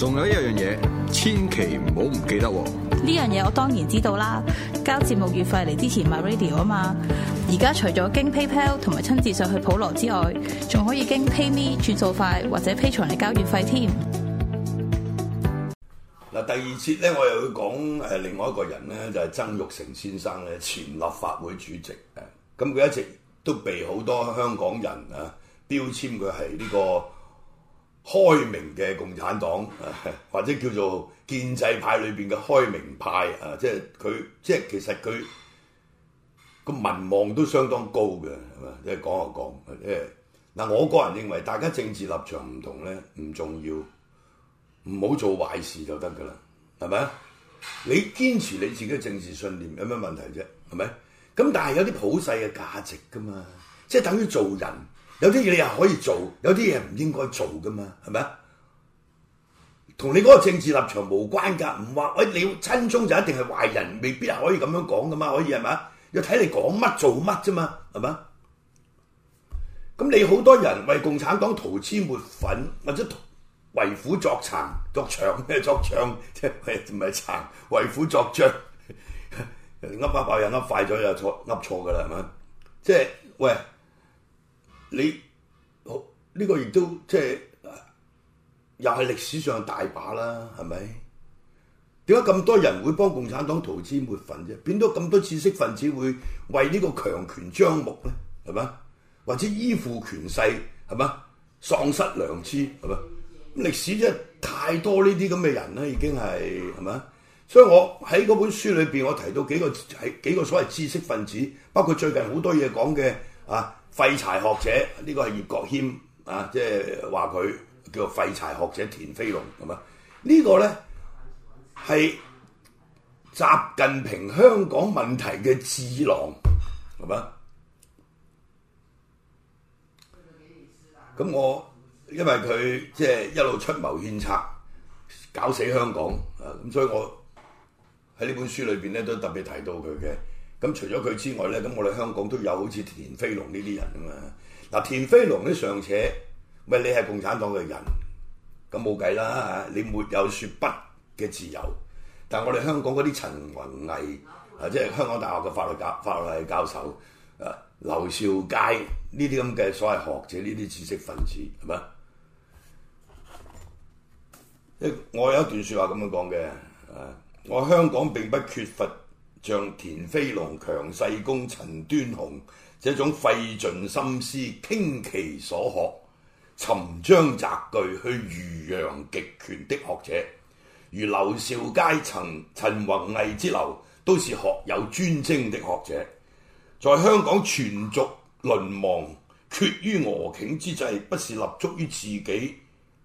仲有一樣嘢，千祈唔好唔記得喎！呢樣嘢我當然知道啦，交節目月費嚟支持 My Radio 啊嘛！而家除咗經 PayPal 同埋親自上去普羅之外，仲可以經 PayMe 轉數快或者 Patreon 嚟交月費添。嗱，第二節咧，我又會講誒另外一個人咧，就係、是、曾鈺成先生咧，前立法會主席。誒，咁佢一直都被好多香港人啊標籤佢係呢個。開明嘅共產黨，啊，或者叫做建制派裏邊嘅開明派，啊，即係佢，即係其實佢個民望都相當高嘅，係嘛？即係講就講，即係嗱，我個人認為，大家政治立場唔同咧，唔重要，唔好做壞事就得噶啦，係咪？你堅持你自己嘅政治信念有咩問題啫？係咪？咁但係有啲普世嘅價值噶嘛，即係等於做人。有啲嘢你又可以做，有啲嘢唔應該做噶嘛，係咪啊？同你嗰個政治立場無關噶，唔話，喂，你親中就一定係壞人，未必可以咁樣講噶嘛，可以係咪啊？要睇你講乜做乜啫嘛，係咪啊？咁你好多人為共產黨塗脂抹粉，或者為虎作倀，作長咩作長即係唔係殘？為虎作倀，噏啊噏又噏快咗又錯噏錯噶啦，係咪？即係喂。你好呢、這個亦都即係、呃、又係歷史上大把啦，係咪？點解咁多人會幫共產黨塗脂抹粉啫？變咗咁多知識分子會為呢個強權張目咧，係嘛？或者依附權勢，係嘛？喪失良知，係嘛？歷史真係太多呢啲咁嘅人啦，已經係係嘛？所以我喺嗰本書裏邊，我提到幾個係幾個所謂知識分子，包括最近好多嘢講嘅啊。廢柴學者呢個係葉國謙啊，即係話佢叫做廢柴學者田飛龍咁啊？這個、呢個咧係習近平香港問題嘅智囊，係咪？咁我因為佢即係一路出謀獻策，搞死香港啊！咁所以我喺呢本書裏邊咧都特別提到佢嘅。咁除咗佢之外咧，咁我哋香港都有好似田飛龍呢啲人啊嘛。嗱，田飛龍呢尚且，喂，你係共產黨嘅人，咁冇計啦，你沒有說不嘅自由。但係我哋香港嗰啲陳雲毅啊，即係香港大學嘅法律教法律系教授啊，劉兆佳呢啲咁嘅所謂學者，呢啲知識分子係咪？即我有一段說話咁樣講嘅，我香港並不缺乏。像田飛龍、強世功、陳端洪，這種費盡心思、傾其所學、尋章摘句去儒揚極權的學者，如劉兆佳、陳陳弘毅之流，都是學有專精的學者。在香港全族淪亡、決於俄頃之際，不是立足於自己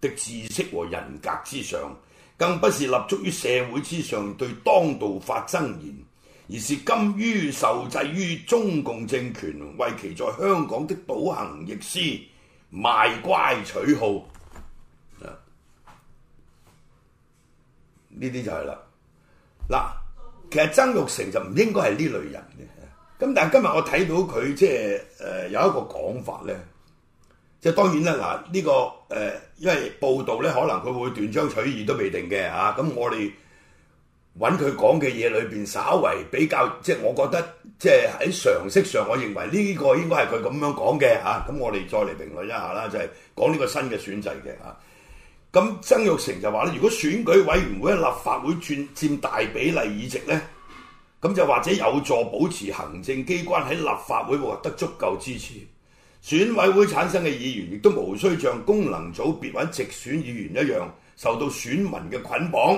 的知識和人格之上，更不是立足於社會之上對當道發諍言。而是甘於受制於中共政權，為其在香港的倒行逆施賣乖取好，呢、啊、啲就係啦。嗱、啊，其實曾鈺成就唔應該係呢類人。咁、啊、但係今日我睇到佢即係誒有一個講法咧，即、啊、係當然啦。嗱、啊，呢、這個誒、呃、因為報道咧，可能佢會斷章取義都未定嘅啊。咁我哋。搵佢講嘅嘢裏邊，裏面稍為比較，即、就、係、是、我覺得，即係喺常識上，我認為呢個應該係佢咁樣講嘅嚇。咁、啊、我哋再嚟評論一下啦，就係講呢個新嘅選制嘅嚇。咁、啊、曾鈺成就話咧，如果選舉委員會喺立法會佔佔大比例議席呢，咁就或者有助保持行政機關喺立法會獲得足夠支持，選委會產生嘅議員亦都無需像功能組別或直選議員一樣受到選民嘅捆綁。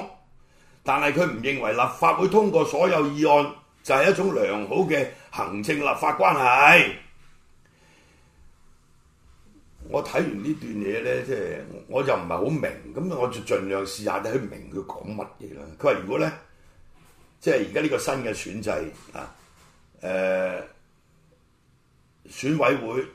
但係佢唔認為立法會通過所有議案就係一種良好嘅行政立法關係、就是。我睇完呢段嘢咧，即係我就唔係好明，咁我就盡量試下你去明佢講乜嘢啦。佢話如果咧，即係而家呢個新嘅選制啊，誒、呃，選委會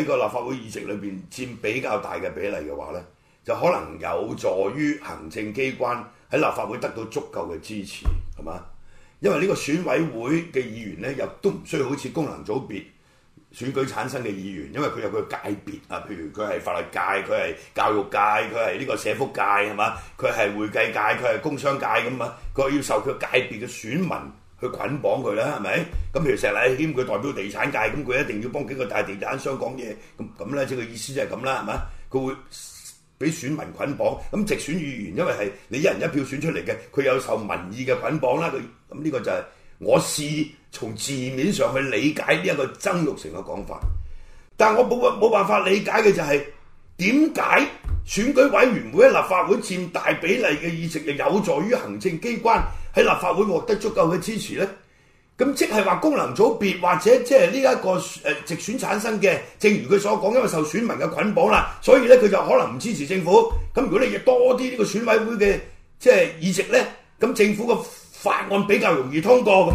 喺個立法會議席裏邊佔比較大嘅比例嘅話咧，就可能有助於行政機關。喺立法會得到足夠嘅支持，係嘛？因為呢個選委會嘅議員咧，又都唔需要好似功能組別選舉產生嘅議員，因為佢有佢嘅界別啊。譬如佢係法律界，佢係教育界，佢係呢個社福界，係嘛？佢係會計界，佢係工商界咁嘛。佢要受佢界別嘅選民去捆綁佢啦，係咪？咁譬如石禮謙，佢代表地產界，咁佢一定要幫幾個大地產商講嘢，咁咁咧，即係個意思就係咁啦，係嘛？佢會。俾選民捆綁，咁直選議員因為係你一人一票選出嚟嘅，佢有受民意嘅捆綁啦。佢咁呢個就係我試從字面上去理解呢一個曾鈺成嘅講法，但我冇冇辦法理解嘅就係點解選舉委員會喺立法會佔大比例嘅議席，就有助於行政機關喺立法會獲得足夠嘅支持呢？咁即係話功能組別或者即係呢一個誒直選產生嘅，正如佢所講，因為受選民嘅捆綁啦，所以咧佢就可能唔支持政府。咁如果你要多啲呢個選委會嘅即係議席咧，咁政府個法案比較容易通過咁。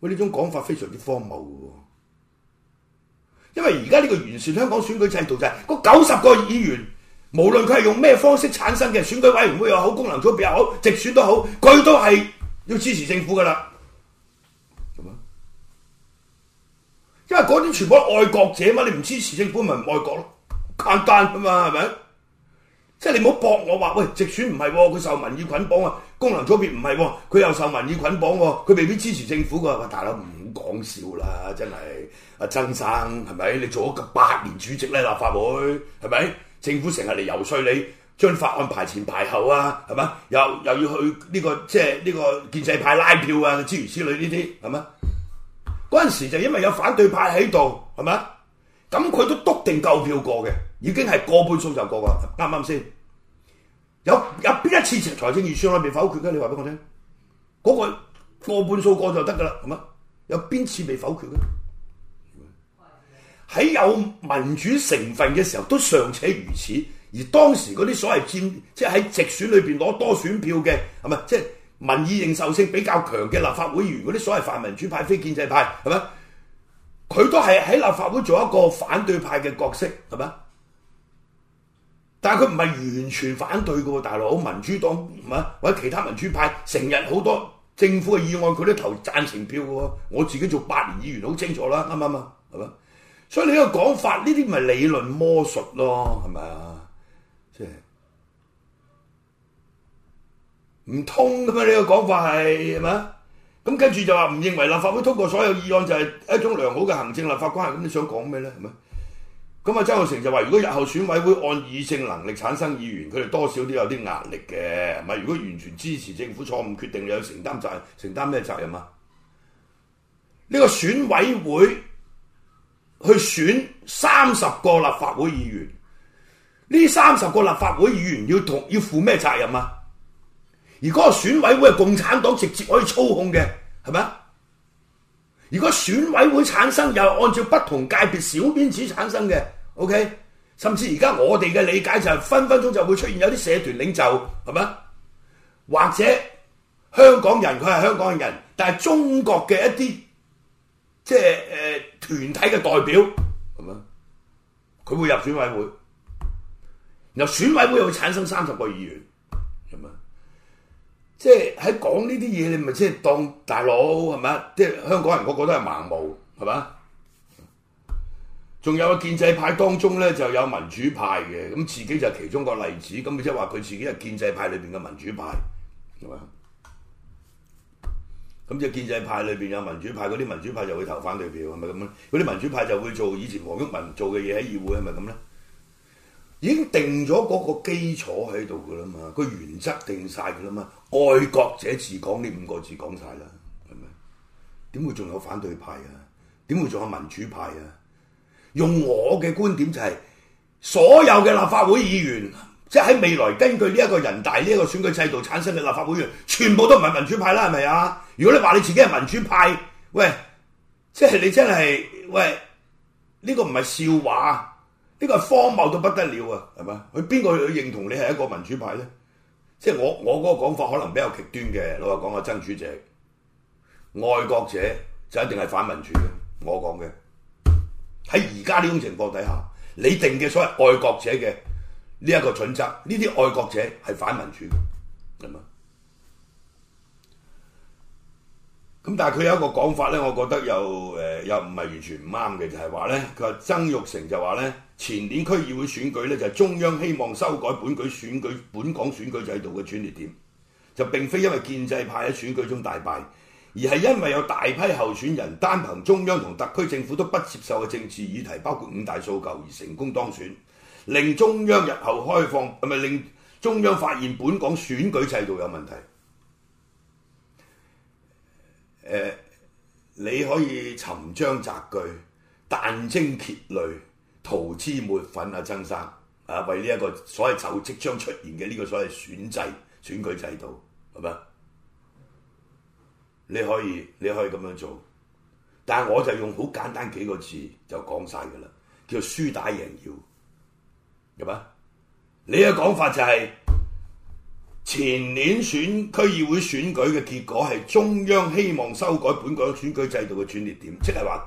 喂，呢種講法非常之荒謬嘅，因為而家呢個完善香港選舉制度就係嗰九十個議員，無論佢係用咩方式產生嘅，選舉委員會又好，功能組別又好，直選都好，佢都係。要支持政府噶啦，因為嗰啲全部愛國者嘛，你唔支持政府咪唔愛國咯？簡單啊嘛，係咪？即係你唔好駁我話，喂，直選唔係喎，佢受民意捆綁啊，功能組別唔係，佢又受民意捆綁喎，佢未必支持政府噶。喂，大佬唔好講笑啦，真係阿曾生係咪？你做咗八年主席咧，立法會係咪？政府成日嚟遊說你。將法案排前排後啊，係嘛？又又要去呢、這個即係呢個建制派拉票啊，諸如此類呢啲係嘛？嗰陣時就因為有反對派喺度，係嘛？咁佢都篤定夠票過嘅，已經係過半數就過㗎，啱啱先？有有邊一次財政預算案未否決嘅？你話俾我聽，嗰、那個過半數過就得㗎啦，係嘛？有邊次未否決嘅？喺有民主成分嘅時候，都尚且如此。而當時嗰啲所謂建，即喺直選裏邊攞多選票嘅，係咪即民意認受性比較強嘅立法會員嗰啲所謂泛民主派、非建制派，係咪？佢都係喺立法會做一個反對派嘅角色，係咪？但係佢唔係完全反對嘅喎，大佬民主黨，係咪？或者其他民主派，成日好多政府嘅議案佢都投贊成票嘅喎。我自己做八年議員好清楚啦，啱唔啱？係咪？所以你呢個講法呢啲咪理論魔術咯，係咪啊？唔通噶咩？你個講法係嘛？咁跟住就話唔認為立法會通過所有議案就係一種良好嘅行政立法關係。咁你想講咩咧？係咪？咁啊，周浩成就話：如果日後選委會按議政能力產生議員，佢哋多少都有啲壓力嘅。唔係如果完全支持政府錯誤決定，你要承擔責任？承擔咩責任啊？呢個選委會去選三十個立法會議員。呢三十個立法會議員要同要負咩責任啊？而嗰個選委會係共產黨直接可以操控嘅，係咪？如果選委會產生又係按照不同界別小圈子產生嘅，OK？甚至而家我哋嘅理解就係分分鐘就會出現有啲社團領袖，係咪？或者香港人，佢係香港人，但係中國嘅一啲即係誒團體嘅代表，係咪？佢會入選委會。由選委會又會產生三十個議員，咁啊，即係喺講呢啲嘢，你咪即係當大佬係咪啊？即係、就是、香港人個個都係盲毛，係咪啊？仲有個建制派當中咧，就有民主派嘅，咁自己就其中一個例子。咁即係話佢自己係建制派裏邊嘅民主派，係咪？咁即係建制派裏邊有民主派，嗰啲民主派就會投反對票，係咪咁啊？嗰啲民主派就會做以前黃毓民做嘅嘢喺議會，係咪咁咧？已經定咗嗰個基礎喺度噶啦嘛，個原則定晒噶啦嘛，愛國者治港呢五個字講晒啦，係咪？點會仲有反對派啊？點會仲有民主派啊？用我嘅觀點就係、是，所有嘅立法會議員，即係喺未來根據呢一個人大呢一、這個選舉制度產生嘅立法會議員，全部都唔係民主派啦，係咪啊？如果你話你自己係民主派，喂，即、就、係、是、你真係，喂，呢、這個唔係笑話。呢個係荒謬到不得了啊，係嘛？佢邊個去認同你係一個民主派咧？即係我我嗰個講法可能比較極端嘅。老實講啊，曾主席，愛國者就一定係反民主嘅，我講嘅喺而家呢種情況底下，你定嘅所謂愛國者嘅呢一個準則，呢啲愛國者係反民主嘅，係嘛？咁但係佢有一個講法咧，我覺得又誒、呃、又唔係完全唔啱嘅，就係話咧，佢話曾玉成就話咧。前年區議會選舉咧，就係、是、中央希望修改本舉選舉本港選舉制度嘅轉捩點，就並非因為建制派喺選舉中大敗，而係因為有大批候選人單憑中央同特區政府都不接受嘅政治議題，包括五大訴求而成功當選，令中央日後開放，係咪令中央發現本港選舉制度有問題。誒、呃，你可以尋章摘句，殫精竭慮。塗脂抹粉啊，曾生啊，為呢一個所謂就即將出現嘅呢個所謂選制選舉制度，係咪？你可以你可以咁樣做，但係我就用好簡單幾個字就講晒噶啦，叫做輸打贏要，係咪？你嘅講法就係、是、前年選區議會選舉嘅結果係中央希望修改本港選舉制度嘅轉捩點，即係話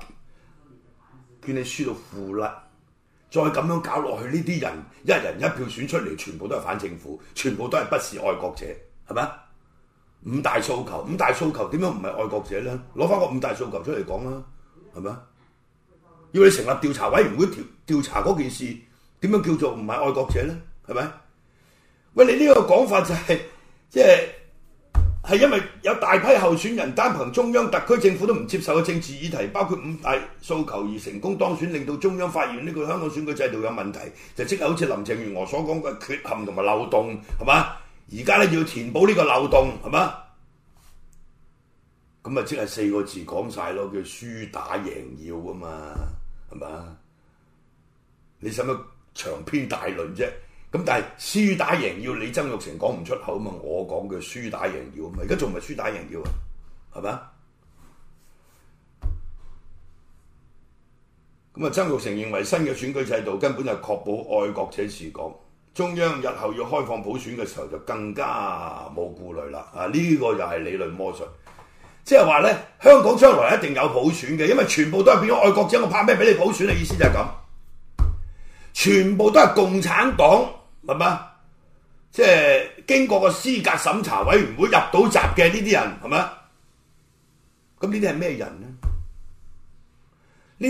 叫你輸到褲甩。再咁樣搞落去，呢啲人一人一票選出嚟，全部都係反政府，全部都係不是愛國者，係咪？五大訴求，五大訴求點樣唔係愛國者咧？攞翻個五大訴求出嚟講啦，係咪？要你成立調查委員會調調查嗰件事，點樣叫做唔係愛國者咧？係咪？喂，你呢個講法就係即係，就是係因為有大批候選人單憑中央特區政府都唔接受嘅政治議題，包括五大訴求而成功當選，令到中央發現呢個香港選舉制度有問題，就即係好似林鄭月娥所講嘅缺陷同埋漏洞，係嘛？而家咧，要填補呢個漏洞，係嘛？咁咪即係四個字講晒咯，叫輸打贏要啊嘛，係嘛？你使乜長篇大論啫？咁但係輸打贏要你曾鈺成講唔出口嘛？我講嘅輸打贏要，咪而家仲咪輸打贏要啊？係咪啊？咁曾鈺成認為新嘅選舉制度根本就確保愛國者治港，中央日後要開放普選嘅時候就更加冇顧慮啦。啊，呢、這個就係理論魔術，即係話呢，香港將來一定有普選嘅，因為全部都係變咗愛國者，我怕咩俾你普選的？嘅意思就係咁，全部都係共產黨。係咪啊？即係經過個資格審查委員會入到閘嘅呢啲人，係咪？咁呢啲係咩人咧？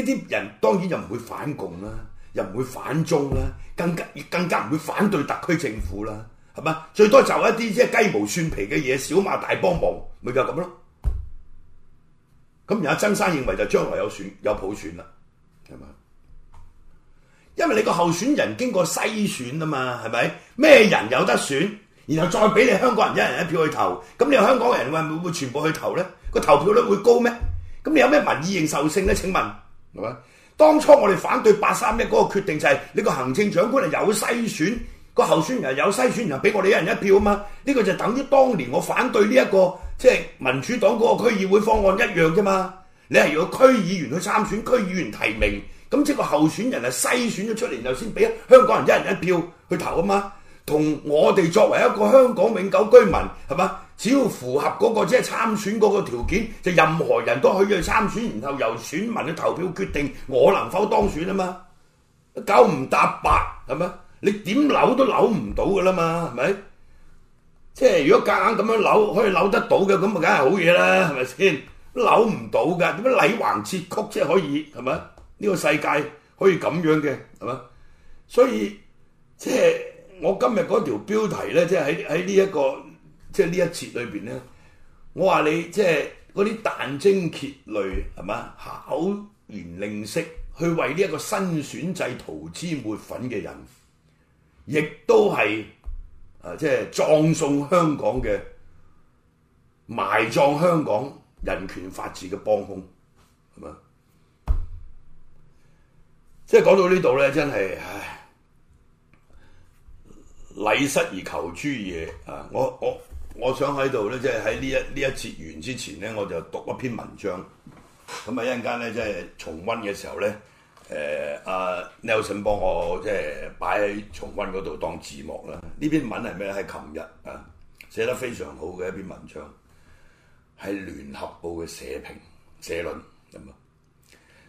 呢啲人當然又唔會反共啦，又唔會反中啦，更加更加唔會反對特區政府啦，係咪？最多就一啲即係雞毛蒜皮嘅嘢，小馬大幫忙咪就咁咯。咁而家曾生認為就將來有選有普選啦，係咪？因為你個候選人經過篩選啊嘛，係咪，咩人有得選，然後再俾你香港人一人一票去投，咁你香港人會唔會全部去投呢？個投票率會高咩？咁你有咩民意認受性呢？請問係嘛？當初我哋反對八三一嗰個決定就係，是，你個行政長官係有篩選，個候選人有篩選，然後俾我哋一人一票啊嘛。呢、這個就等於當年我反對呢、這、一個即係、就是、民主黨嗰個區議會方案一樣啫嘛。你係要區議員去參選，區議員提名。咁即係個候選人係篩選咗出嚟，然後先俾香港人一人一票去投啊嘛。同我哋作為一個香港永久居民，係嘛？只要符合嗰個即係參選嗰個條件，就任何人都可以去參選，然後由選民去投票決定我能否當選啊嘛。九唔搭八係嘛？你點扭都扭唔到噶啦嘛，係咪？即係如果夾硬咁樣扭可以扭得到嘅，咁啊梗係好嘢啦，係咪先？扭唔到噶，點解禮橫切曲即係可以係咪？呢個世界可以咁樣嘅係嘛？所以即係我今日嗰條標題咧，即係喺喺呢一個即係呢一節裏邊咧，我話你即係嗰啲殫精竭慮係嘛，巧言令色，去為呢一個新選制塗脂抹粉嘅人，亦都係啊即係葬送香港嘅埋葬香港人權法治嘅幫凶，係嘛？即係講到呢度咧，真係唉，禮失而求諸野。啊！我我我想喺度咧，即係喺呢一呢一節完之前咧，我就讀一篇文章。咁啊一陣間咧，即係重温嘅時候咧，誒、呃、阿、啊、Nelson 幫我即係擺喺重温嗰度當字幕啦。呢篇文係咩咧？係琴日啊，寫得非常好嘅一篇文章，係聯合報嘅社評社論咁啊。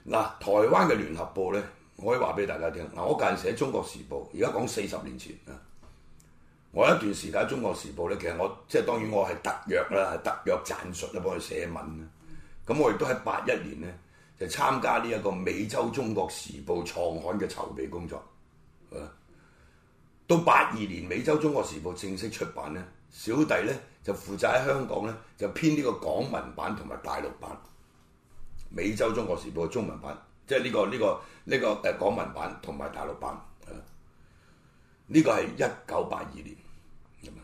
嗱，台灣嘅聯合報咧。我可以話俾大家聽，嗱，我嗰陣喺《中國時報》，而家講四十年前啊，我一段時間《中國時報》咧，其實我即係當然我係特約啦，特約撰述啦，幫佢寫文啦。咁我亦都喺八一年咧，就參加呢一個美洲《中國時報》創刊嘅籌備工作。啊，到八二年《美洲中國時報》時報正式出版咧，小弟咧就負責喺香港咧就編呢個港文版同埋大陸版《美洲中國時報》嘅中文版。即係呢個呢、這個呢、這個誒、呃、港聞版同埋大陸版，呢個係一九八二年咁啊。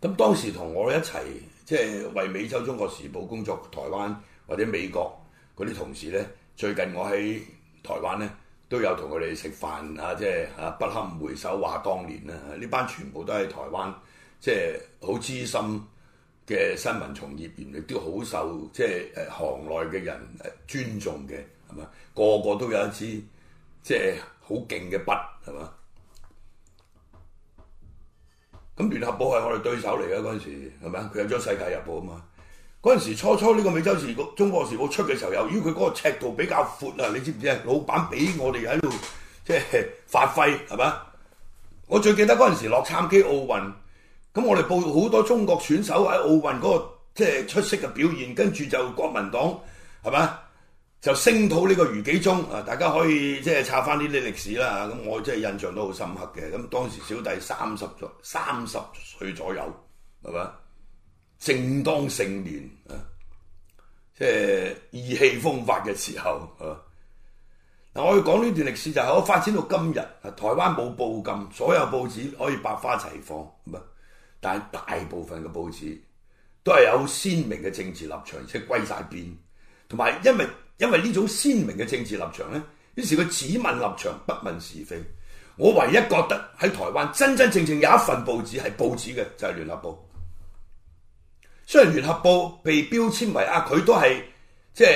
咁、這個、當時同我一齊即係為美洲中國時報工作，台灣或者美國嗰啲同事呢，最近我喺台灣呢都有同佢哋食飯啊，即係啊不堪回首話當年啦。呢、啊、班全部都係台灣，即係好資深。嘅新聞從業員亦都好受，即係誒行內嘅人誒尊重嘅，係嘛？個個都有一支即係好勁嘅筆，係嘛？咁聯合報係我哋對手嚟嘅嗰陣時，係咪啊？佢有咗《世界日報》啊嘛。嗰陣時初初呢個《美洲時報》、《中國時報》出嘅時候，由於佢嗰個尺度比較闊啊，你知唔知啊？老闆俾我哋喺度即係發揮，係嘛？我最記得嗰陣時洛杉磯奧運。咁我哋報好多中國選手喺奧運嗰個即係、就是、出色嘅表現，跟住就國民黨係嘛，就聲討呢個余紀忠啊！大家可以即係、就是、查翻呢啲歷史啦。咁我真係、就是、印象都好深刻嘅。咁當時小弟三十左三十歲左右，係嘛？正當盛年啊，即係、就是、意氣風發嘅時候啊。嗱，我要講呢段歷史就係、是、我發展到今日、啊，台灣冇報禁，所有報紙可以百花齊放，係嘛。但係大部分嘅報紙都係有鮮明嘅政治立場，即係歸曬邊。同埋因為因為呢種鮮明嘅政治立場咧，於是佢只問立場，不問是非。我唯一覺得喺台灣真真正正有一份報紙係報紙嘅就係、是、聯合報。雖然聯合報被標籤為啊，佢都係即係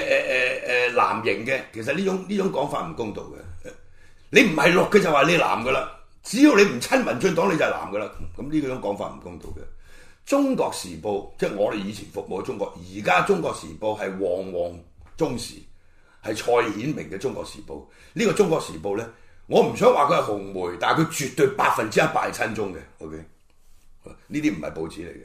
誒誒誒藍營嘅，其實呢種呢種講法唔公道嘅。你唔係綠嘅就話你藍嘅啦。只要你唔親民進黨，你就係男嘅啦。咁呢個樣講法唔公道嘅。中國時報，即係我哋以前服務中國，而家中國時報係旺旺中時，係蔡顯明嘅中國時報。呢個中國時報咧，我唔想話佢係紅媒，但係佢絕對百分之一百係親中嘅。OK，呢啲唔係報紙嚟嘅。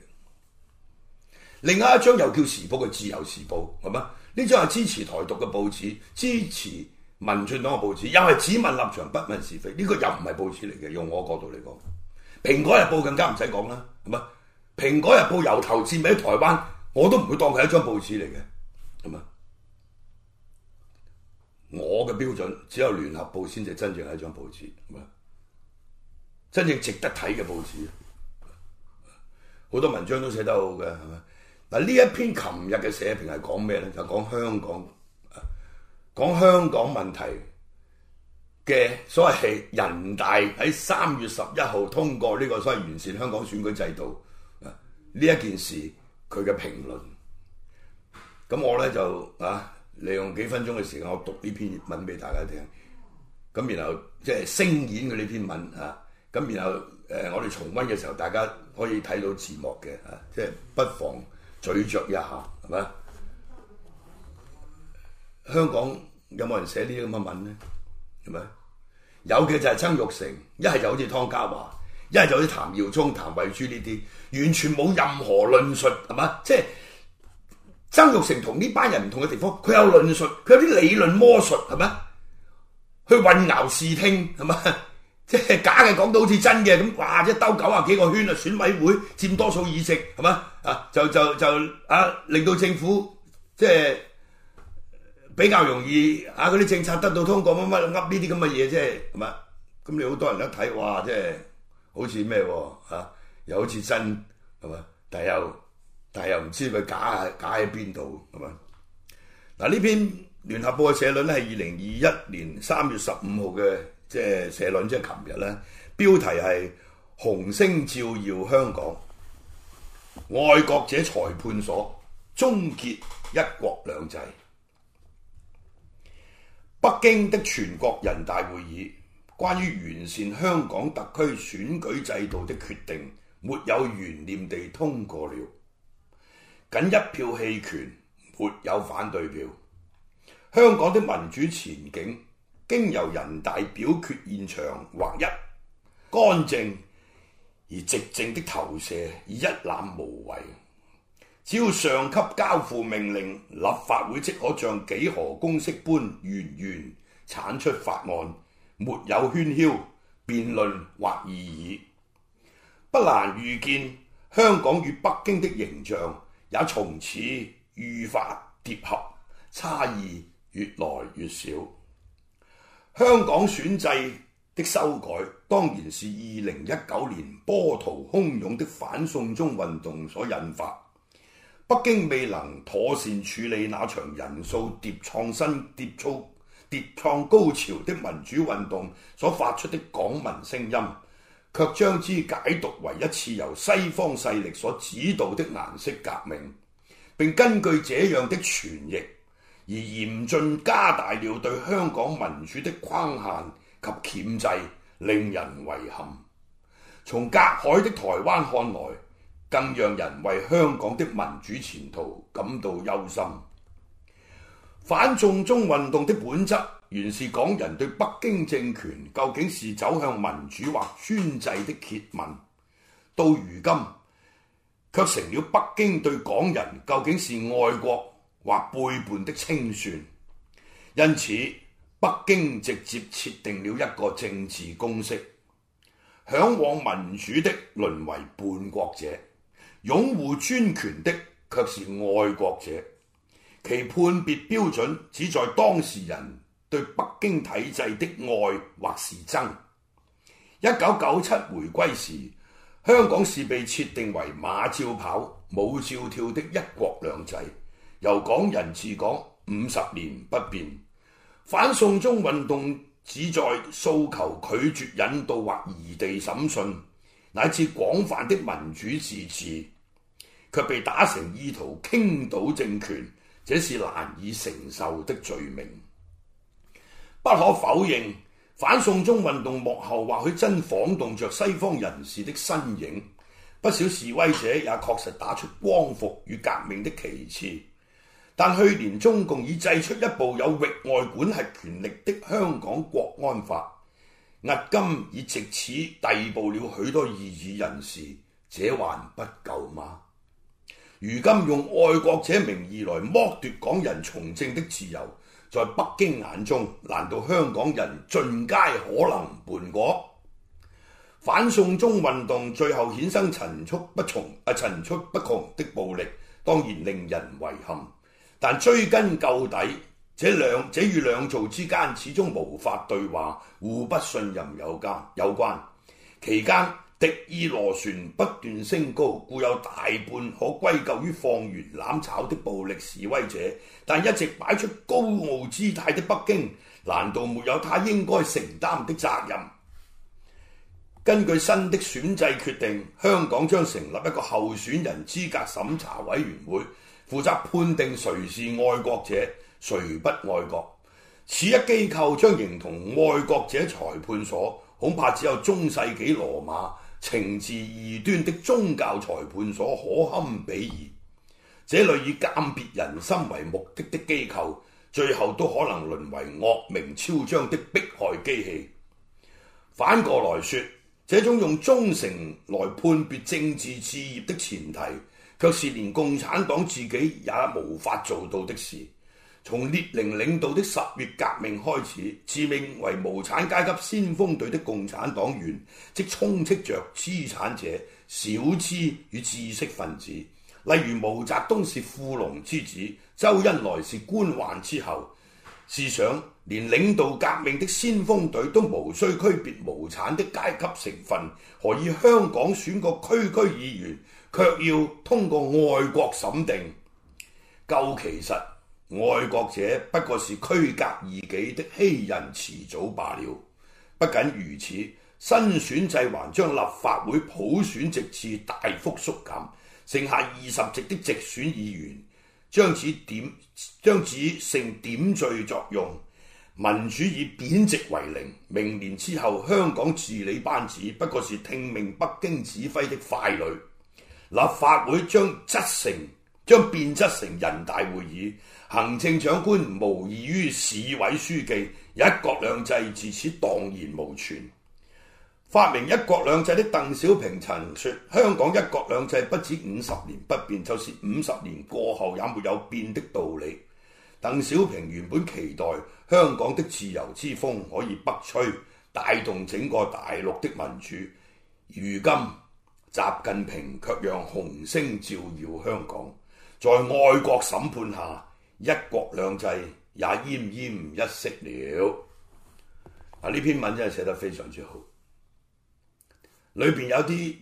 另外一張又叫時報嘅自由時報，係嘛？呢張係支持台獨嘅報紙，支持。民進黨嘅報紙又係只問立場不問是非，呢、這個又唔係報紙嚟嘅。用我角度嚟講，《蘋果日報》更加唔使講啦，係咪？《蘋果日報》由頭至尾喺台灣，我都唔會當佢係一張報紙嚟嘅，係咪？我嘅標準只有《聯合報》先至真正係一張報紙，係咪？真正值得睇嘅報紙，好多文章都寫得好嘅，係咪？嗱，呢一篇琴日嘅社評係講咩咧？就講、是、香港。講香港問題嘅所謂係人大喺三月十一號通過呢個所謂完善香港選舉制度呢一件事，佢嘅評論。咁我咧就啊，利用幾分鐘嘅時間，我讀呢篇文俾大家聽。咁然後即係聲演嘅呢篇文啊，咁然後誒我哋重溫嘅時候，大家可以睇到字幕嘅啊，即係不妨咀嚼一下，係咪啊？香港有冇人寫呢啲咁嘅文咧？係咪？有嘅就係曾鈺成，一係就好似湯家驊，一係就好似譚耀宗、譚慧珠呢啲，完全冇任何論述，係嘛？即係曾鈺成同呢班人唔同嘅地方，佢有論述，佢有啲理論魔術，係嘛？去混淆視聽，係嘛？即係假嘅講到好似真嘅，咁哇，一兜九十幾個圈啊，選委會佔多數議席，係嘛？啊，就就就啊，令到政府即係。就是比較容易吓，嗰、啊、啲政策得到通過乜乜噏呢啲咁嘅嘢啫，係咪？咁你好多人一睇，哇，即係好似咩喎？吓、啊，又好似真係嘛？但係又但係又唔知佢假係假喺邊度，係嘛？嗱、啊，呢篇聯合報嘅社論咧係二零二一年三月十五號嘅，即係社論，即係琴日咧，標題係《紅星照耀香港》，愛國者裁判所終結一國兩制。北京的全國人大會議關於完善香港特區選舉制度的決定，沒有懸念地通過了，僅一票棄權，沒有反對票。香港的民主前景，經由人大表決現場劃一乾淨而直正的投射已，一覽無遺。只要上級交付命令，立法會即可像幾何公式般源源產出法案，沒有喧囂、辯論或異議。不難預見，香港與北京的形象也從此愈發疊合，差異越來越少。香港選制的修改，當然是二零一九年波濤洶湧的反送中運動所引發。北京未能妥善處理那場人數疊創新、疊促、疊創高潮的民主運動所發出的港民聲音，卻將之解讀為一次由西方勢力所指導的顏色革命，並根據這樣的傳譯而嚴峻加大了對香港民主的框限及鉗制，令人遺憾。從隔海的台灣看來，更讓人為香港的民主前途感到憂心。反送中運動的本質，原是港人對北京政權究竟是走向民主或專制的詰問，到如今却成了北京對港人究竟是愛國或背叛的清算。因此，北京直接設定了一個政治公式：向往民主的淪為叛國者。擁護專權的卻是愛國者，其判別標準只在當事人對北京體制的愛或是憎。一九九七回歸時，香港是被設定為馬照跑、舞照跳的一國兩制，由港人治港五十年不變。反送中運動只在訴求拒絕引渡或異地審訊。乃至廣泛的民主自治，卻被打成意圖傾倒政權，這是難以承受的罪名。不可否認，反送中運動幕後或許真晃動着西方人士的身影，不少示威者也確實打出光復與革命的旗幟。但去年中共已祭出一部有域外管轄權力的香港國安法。押金已藉此逮捕了許多異議人士，這還不夠嗎？如今用愛國者名義來剝奪港人從政的自由，在北京眼中，難道香港人盡皆可能叛國？反送中運動最後衍生層出不窮、啊層出不窮的暴力，當然令人遺憾。但追根究底，這兩這與兩造之間始終無法對話，互不信任有關有關。期間敵意螺旋不斷升高，故有大半可歸咎於放言攬炒的暴力示威者。但一直擺出高傲姿態的北京，難道沒有他應該承擔的責任？根據新的選制決定，香港將成立一個候選人資格審查委員會，負責判定誰是愛國者。誰不愛國？此一機構將形同愛國者裁判所，恐怕只有中世紀羅馬懲治異端的宗教裁判所可堪比擬。這類以鑑別人心為目的的機構，最後都可能淪為惡名昭彰的迫害機器。反過來說，這種用忠誠來判別政治事業的前提，卻是連共產黨自己也無法做到的事。從列寧領導的十月革命開始，自命為無產階級先鋒隊的共產黨員，即充斥着資產者、小資與知識分子，例如毛澤東是富農之子，周恩來是官宦之後。試想，連領導革命的先鋒隊都無需區別無產的階級成分，何以香港選個區區議員，卻要通過外國審定？究其實，愛國者不過是區隔異己的欺人詞藻罷了。不僅如此，新選制還將立法會普選席次大幅縮減，剩下二十席的直選議員，將此點將此成點綴作用。民主以貶值為零，明年之後香港治理班子不過是聽命北京指揮的傀儡。立法會將質成將變質成人大會議。行政長官無異於市委書記，一國兩制自此蕩然無存。發明一國兩制的鄧小平曾說：香港一國兩制不止五十年不變，就是五十年過後也沒有變的道理。鄧小平原本期待香港的自由之風可以北吹，帶動整個大陸的民主。如今，習近平卻讓紅星照耀香港，在外國審判下。一國兩制也奄奄一息了。啊，呢篇文真係寫得非常之好，裏邊有啲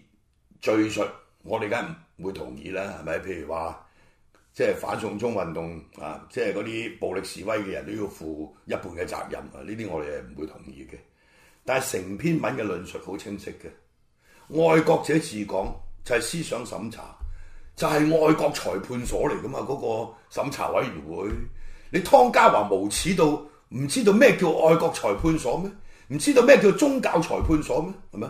敘述我哋梗唔會同意啦，係咪？譬如話，即係反送中運動啊，即係嗰啲暴力示威嘅人都要負一半嘅責任啊，呢啲我哋係唔會同意嘅。但係成篇文嘅論述好清晰嘅，愛國者治港就係思想審查。就係愛國裁判所嚟噶嘛？嗰、那個審查委員會，你湯家驊無恥到唔知道咩叫愛國裁判所咩？唔知道咩叫宗教裁判所咩？係咪？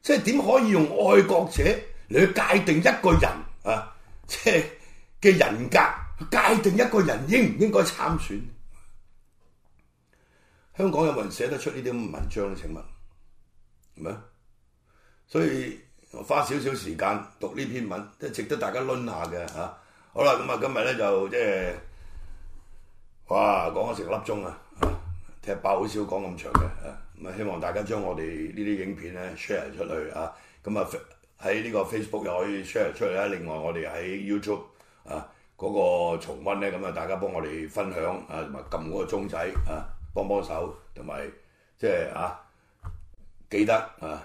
即係點可以用愛國者嚟去界定一個人啊？即係嘅人格去界定一個人應唔應該參選？香港有冇人寫得出呢啲咁嘅文章咧？請問，係咪？所以。花少少時間讀呢篇文，都值得大家攆下嘅嚇。好啦，咁啊今日咧就即係哇講咗成粒鐘啊，踢爆好少講咁長嘅啊。咁希望大家將我哋呢啲影片咧 share 出去啊。咁啊喺呢個 Facebook 又可以 share 出嚟啦、啊。另外我哋喺 YouTube 啊嗰、嗰個重溫咧，咁啊大家幫我哋分享啊同埋撳嗰個鐘仔啊，幫幫、啊、手同埋即係啊記得啊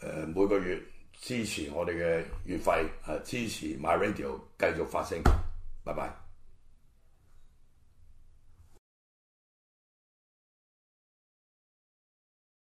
誒、呃、每個月。支持我哋嘅月費，誒、呃、支持 My Radio 繼續發聲，拜拜。